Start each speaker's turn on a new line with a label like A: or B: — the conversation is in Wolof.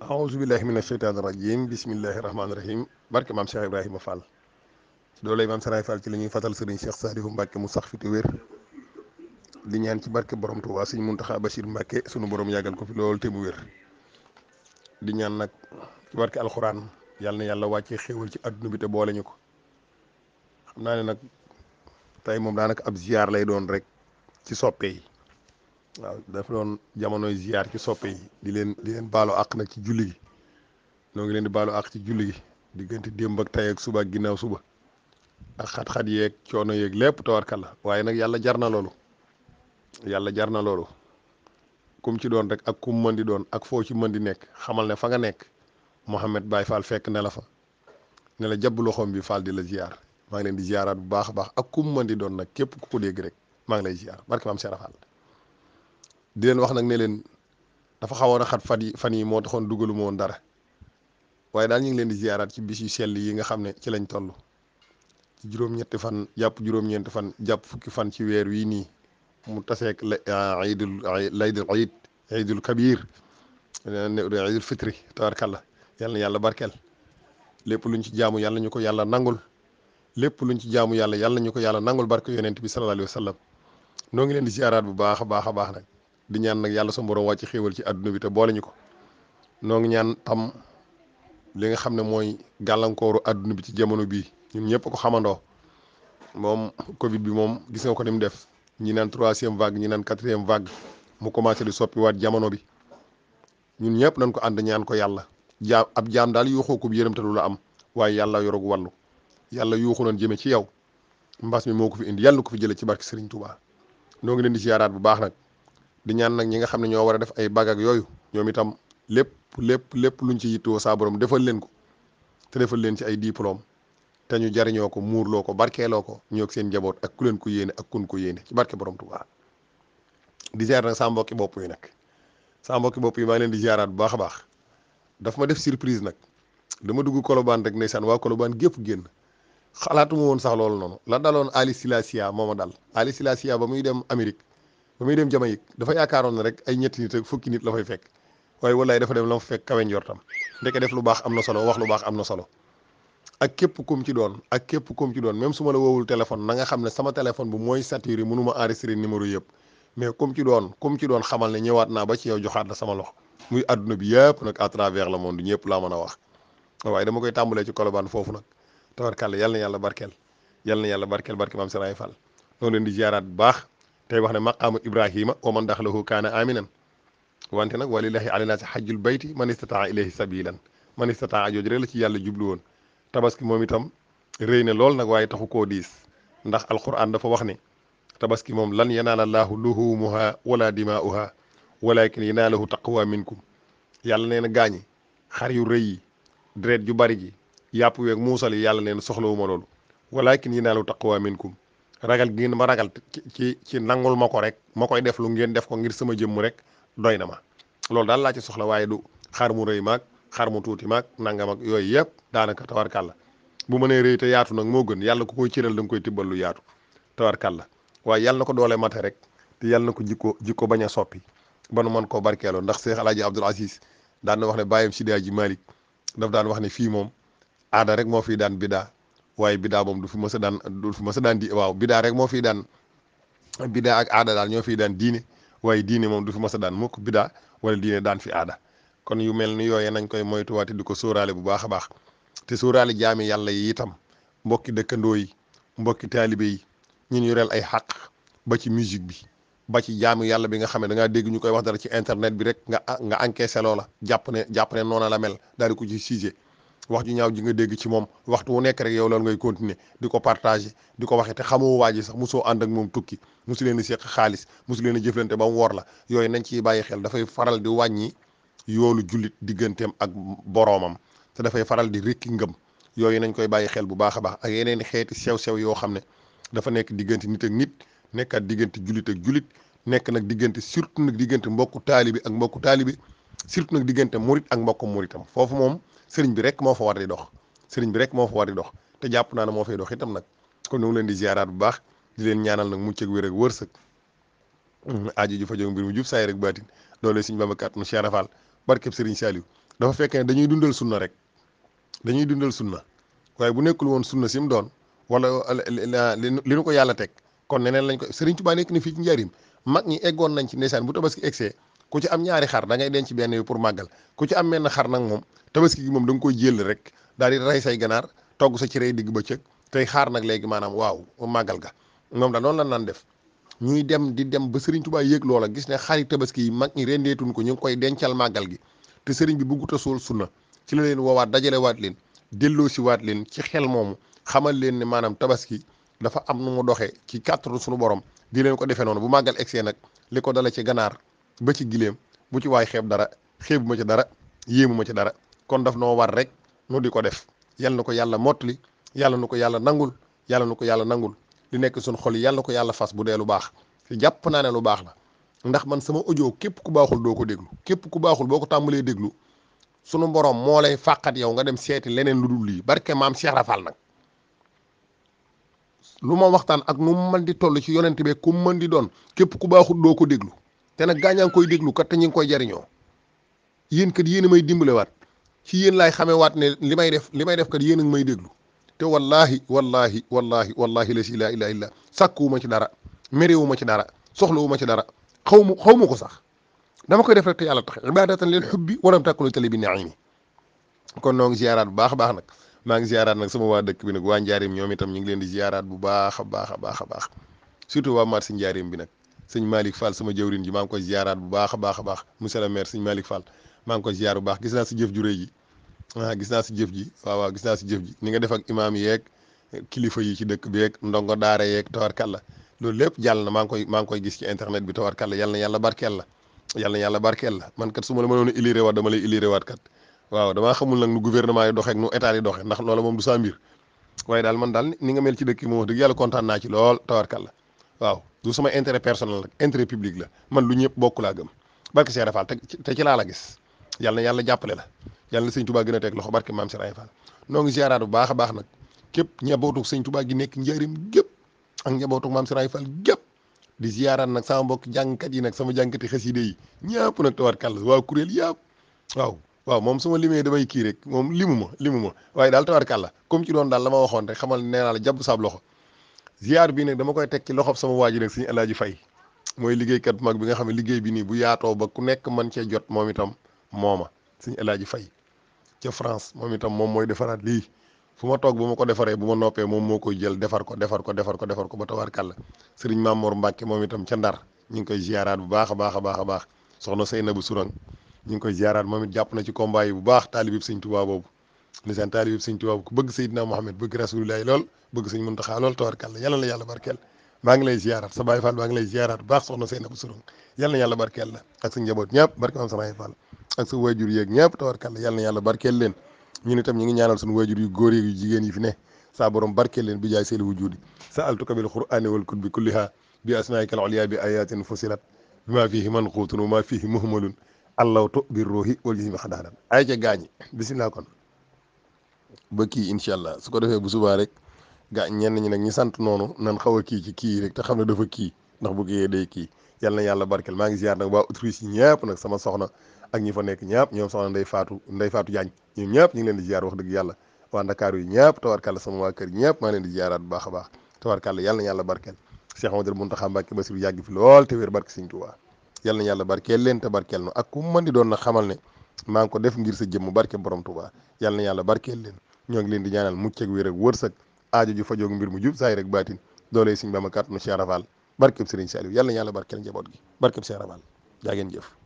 A: aousubillahi min asheytaani rajim bismillahi rahmaani rahim barke maam Cheikh Ibrahima Fall lay maam Saraay Fall ci la ñuy fatal sëriñ Cheikh Saalihu Mbàkke mu sax fi te wér di ñaan ci barke borom Tuubaa sëriñ Muntaxa Bachir Mbàkke sunu borom yàggal ko fi loolu te mu wér di ñaan nag ci barke alxuraan yàlla na yàlla wàccee xéewal ci àdduna bi te boole ko xam naa ne nag tey moom daanaka ab ziar lay doon rek ci soppe yi waaw dafa doon jamonoy ziyaar ci soppe yi di leen di leen baalu àq nag ci julli gi noo ngi leen di baalu àq ci julli gi diggante démb ak tey ak suba ak ginnaaw suba ak xat-xat yeeg coono yeeg lépp tawarkal la waaye nag yàlla jar na loolu yàlla jar na loolu kum ci doon rek ak kum mën di doon ak foo ci mën di nekk xamal ne fa nga nekk Mouhamed Baye Fall fekk ne la fa ne la jàpp loxoom bi Fall di la ziyaar maa ngi leen di ziyaaraat bu baax a baax ak kum mën di doon nag képp ku ko dégg rek maa ngi lay ziyaar barke maam Serap di leen wax nag ne leen dafa xawoon a xat fan yi fan yi moo taxoon dugalu ma woon dara waaye daal ñu ngi leen di ziaraat ci bis yu yi nga xam ne ci lañ toll ci juróom-ñetti fan jàpp juróom-ñeenti fan jàpp fukki fan ci weer wii nii mu taseek aydul ah, laydul ayd aydul kabir aydul fitri tabarkàlla yàlla na yàlla barkeel lépp luñ ci jaamu yàlla ñu ko yàlla nangul lu ñu ci jaamu yàlla yàlla ñu ko yàlla nangul barke yonent bi sallallahu alayhi wa sallam noo ngi leen di ziaraat bu baax a baax a baax nag di ñaan nag yàlla sa borom ci xéewal ci àdduna bi te boole ñu ko noo ngi ñaan tam li nga xam ne mooy gàllankooru àdduna bi ci jamono bii ñun ñëpp ko xamandoo moom Covid bi moom gis nga ko ni mu def ñi naan troisième vague ñi naan quatrième vague mu commencé di soppiwaat jamono bi ñun ñëpp nañ ko ànd ñaan ko yàlla jaam ab jaam daal yuuxoo ko yërëm te la am waaye yàlla yorog wàllu yàlla yuuxu nañ jëme ci yow mbas mi moo ko fi indi yàlla ko fi jëlee ci barke Serigne Touba noo ngi leen di ziaraat bu baax nag. di ñaan nag ñi nga xam ne ñoo war a def ay bag yooyu ñoom itam lépp lépp lépp ñu ci yittoo saa borom defal leen ko te defal leen ci ay diplôme te ñu jariñoo ko muurloo ko barkeeloo ko ñoog seen njaboot ak ku leen ko yéene ak kun ko yéene ci barke borom Tuubaa di ziar nag saa mbokki nag saa mbokki bopp yi maa leen di ziaraat bu baax a baax daf ma def surprise nag dama dugg Colobane rek ndeysaan waa Colobane gépp génn xalaatuma woon sax loolu noonu la daloon Ali Silasia moo ma dal Ali Silasia ba muy dem Amérique ba muy dem Jamaïque dafa yaakaaroon ne rek ay ñetti nit ak fukki nit la fay fekk waaye wallaay dafa dem la fekk kawe ndeke def lu baax am na solo wax lu baax am na solo ak képp kum ci doon ak képp kum ci doon même su ma la woowul téléphone na nga xam ne sama téléphone bu mooy saturé mënu ma enregistré numéro yëpp mais kum ci doon kum ci doon xamal ne ñëwaat naa ba ci yow joxaat la sama loxo muy àdduna bi yëpp nag à travers le monde ñëpp laa mën a wax waaye dama koy tàmbalee ci Colobane foofu nag tabarkàlla yal na yàlla barkeel yal na yàlla barkeel barke maam Sëriñ Fall noonu leen di bu baax tey wax ne maqaamu ibrahima wa man daxalahu kaana aminan wante nag walillahi ala naasi xajjul bayti man istataa ilayhi sabilan man istataa jooju rek la ci yàlla jublu woon tabaski moom itam rëy na lool nag waaye taxu ko diis ndax alquran dafa wax ne tabaski moom lan yanaala laahu luhumuha wala dimaa'uha walakin yanaalahu taqwa minkum yàlla nee na gaañi xar yu rëy yi deret ju bari ji yàpp weeg muusal yi yàlla nee soxlawuma soxlawu ma loolu walakin yanaalahu taqwa minkum ragal gi ngeen ma ragal ci ci nangul ma ko rek ma koy def lu ngeen def ko ngir sama jëmm rek doy na ma loolu daal laa ci soxla waaye du xar mu rëy maag xar mu tuuti maag nangam ak yooyu yëpp daanaka tawarkàlla bu mënee rëy te yaatu nag moo gën yàlla ku koy cëral da nga koy tibbal lu yaatu tawarkàlla waaye yàlla na ko doole mate rek te yàlla na ko jikko jikko bañ a soppi ba nu mën koo barkeeloo ndax Seex Alaaji Abdul Asiis daan wax ne bàyyam Sidi Aji Malik daf daan wax ne fii moom aada rek moo fi daan bidaa waaye bida moom du fi mës a daan du fi a daan di waaw bidaa rek moo fi daan bidaa ak aada daal ñoo fiy daan diine waaye diine moom du fi mës a daan mukk bida wala diine daan fi aada kon yu mel ni yooyee nañ koy moytuwaate di ko sóoraale bu baax a baax te sóoraale jaami yàlla yi itam mbokki dëkkandoo yi mbokki taalibe yi ñun ñu reel ay xàq ba ci musique bi ba ci jaamu yàlla bi nga xam ne da dégg ñu koy wax dara ci internet bi rek nga nga encaissé loola jàpp ne jàpp ne noona la mel daal ko ci siise wax ju ñaaw ji nga dégg ci moom waxtu wu nekk rek yow loolu ngay continuer di ko partager di ko waxee te xamoo waa ji sax mosoo ànd ak moom tukki mosu leen a seq xaalis musu leen a jëflante ba mu woor la yooyu nañ ciy bàyyi xel dafay faral di wàññi yoolu jullit digganteem ak boroomam dafay faral di rikki yooyu nañ koy bàyyi xel bu baax a baax ak yeneen xeeti sew-sew yoo xam ne dafa nekk diggante nit ak nit nekkaat diggante julit ak julit nekk nag diggante surtout nag diggante mbokku taalibi ak mbokku taalibi surtout nag diggante murit mbokku muritam foofu moom sëriñ bi rek moo fa war di dox sëriñ bi rek moo fa war di dox te jàpp naa ne moo fay dox itam nag kon ñu ngi leen di ziaraat bu baax di leen ñaanal nag mu ak wér ak wërsëg aajo ju fa jóg mbir mu jub saay rek baatin doole suñ babakat nu Cheikh Rafal barkeb sëriñ Saliou dafa fekk ne dañuy dundal sunna rek dañuy dundal sunna waaye bu nekkul woon sunna si mu doon wala li nu ko yàlla teg kon neneen lañ ko sëriñ Tuubaa nekk ni fii ci njaarim mag ñi eggoon nañ ci ndeysaan bu tabaski egsee am ñaari xar da ngay denc benn bi pour màggal ku ci am benn xar nag moom tabaski gi moom da nga koy jël rek daal di rey say ganaar togg sa cere digg bëccëg tey xaar nag léegi maanaam waaw màggal ga moom da noonu la naan def ñuy dem di dem ba Serigne Touba yéeg loola gis ne xari tabaski yi mag ñi rendeetuñ ko ñu koy dencal màggal gi te Serigne bi buggut a su na ci la leen woowaat dajale waat leen delloo si waat leen ci xel moomu xamal leen ne maanaam tabaski dafa am nu mu doxee ci kàttanu suñu borom di leen ko defee noonu bu màggal egsee nag li ko dala ci ganaar ba ci gileem bu ci waay xeeb dara xeebuma ci dara yéemuma ci dara kon daf warrek, war rek nu di ko def yal na ko motli yàlla nu ko nangul yàlla nu ko nangul li nekk suñ xol yàlla ko yàlla fas bu dee lu baax jàpp naa ne lu baax la ndax man sama audio diglu, ku baaxul doko ko diglu. képp ku baaxul boo ko tàmbalee déglu sunu borom moo lay fàqat yow nga dem seeti leneen lu dul lii barke maam Cheikh Rafal nag lu ma waxtaan ak nu mën di toll ci yonent bi di ku te koy kat te ngi koy may ci yéen laay xamewaat ne li may def li may def kat yéen a may déglu te wallahi wallahi wallahi wallahi la si laa ilaaha illa sàkkuwuma ci dara merewuma ci dara soxlawuma ci dara xaw ma xaw ma ko sax dama koy def rek te yàlla tax ibadatan lil xubbi walam tàkkulu tali bi naimi kon noo ngi ziaraat bu baax a baax nag maa ngi ziaraat nag sama waa dëkk bi nag waa njaarim ñoom itam ñu ngi leen di ziaraat bu baax a baax a baax a baax surtout waa marché njaarim bi nag sëñ Malick Fall sama jëwrin ji maa ngi koy ziaraat bu baax a baax a baax monsieur le maire sëñ maa ngi koy ziar bu baax gis naa si jëf ju rëy ji ah gis naa si ji waaw waaw gis naa si jëf ni nga def ak imaam yeeg kilifa yi ci dëkk bi yeeg ndongo daara yeeg tawarkalla loolu lépp jàll na maa ngi koy maa ngi koy gis ci internet bi tawarkalla yal na yàlla barkeel la yal na yàlla barkeel la man kat su ma la mënoon a iliré waat dama lay iliré waat kat waaw damaa xamul nag nu gouvernement yi doxee ak nu état yi doxee ndax loola moom du saa mbir waaye daal man daal ni nga mel ci dëkk bi moom wax dëgg yàlla kontaan naa ci lool tawarkalla waaw du sama intérêt personnel nag intérêt public la man lu ñëpp bokk laa gëm barke Cheikh Rafal te ci laa la gis yàlla na yàlla jàppale la yàlla na sëñ tubaa gën teg loxo barke maam si raay Fall noo ngi ziaraat bu baax a baax nag képp njabootu sëñ tubaa gi nekk njëriñ gépp ak njabootu maam si raay di ziaraat nag sama mbokk jàngkat yi nag sama jàngkati xaside yi ñëpp nag tawaat kàlla waaw kuréel yëpp waaw waaw moom su ma limee damay kii rek moom limu ma limu ma waaye daal tawaat kàlla comme ci doon daal la waxoon rek xamal nee naa la jàpp saab loxo ziar dama koy teg ci loxob sama waa ji nag suñu alaaji fay mooy liggéeykat bu mag bi nga xam ne liggéey bi nii bu yaatoo ba ku nekk man cee jot moom itam mooma suñu El Hadji Faye ca France moom itam moom mooy defaraat lii fu ma toog bu ma ko defaree bu ma noppee moom moo koy jël defar ko defar ko defar ko defar ko ba tabaarkàlla sëriñ Mamour Mbacke moom itam ca Ndar ñu ngi koy ziaraat bu baax a baax a baax a baax soxna Seynabou Sourang ñu ngi koy ziaraat moom it jàpp na ci combat yi bu baax taalibib sëñ Tuubaa boobu li seen taalibib sëñ Tuubaa ku bëgg Seydina Muhammad bëgg Rasulullahi lool bëgg sëñ Muntaxa lool tabaarkàlla yàlla na yàlla barkeel maa ngi lay ziaraat sa Baay Faal maa lay ziaraat baax soxna Seynabou Sourang yàlla na yàlla barkeel la ak suñ njaboot ñëpp barke am sama Faal ak sa waajur yeeg ñëpp tawarkàlla yàlla na yàlla barkeel leen ñun itam ñu ngi ñaanal suñu waajur yu góor yeeg yu jigéen yi fi ne saa borom barkeel leen bi jaay seeli wujudi sa altuka bil qur'ani wal kutbi kulliha bi asnaika al ulya bi ayatin fusilat bima fihi manquutun wa ma fihi muhmalun allawtu bir ruhi wal jismi xadaadan ay ca gaañi bisimilah kon ba kii incha allah su ko defee bu subaa rek ga ñenn ñi nag ñi sant noonu nan xaw a kii ci kii rek xam ne dafa kii ndax bu kii day kii yàlla yàlla barkeel maa ngi ziar waa Autriche yi ñëpp nag sama soxna ak ñi fa nekk ñëpp ñoom soxna nday faatu nday faatu jaañ ñoom ñëpp leen di ziar wax dëgg yàlla waa ndakaaru yi ñëpp tawarkàlla sama waa kër ñëpp maa a baax tawarkàlla yàlla na yàlla barkeel Cheikh Amadou Mountakha Mbacké Bassirou yàgg fi lool te wér na yàlla barkeel na maa ngi ko def ngir sa jëmm barke borom Tuubaa yàlla na yàlla barkeel leen ñoo ngi leen di ñaanal mu ak wér ak wërsëg aajo ju fajoog mbir mu jub saay rek baatin doole Sëriñ Bamba kàttanu Cheikh Rafal barkeb Sëriñ Saliou yàlla na yàlla barkeel njaboot gi barkeb Cheikh Rafal jaa jëf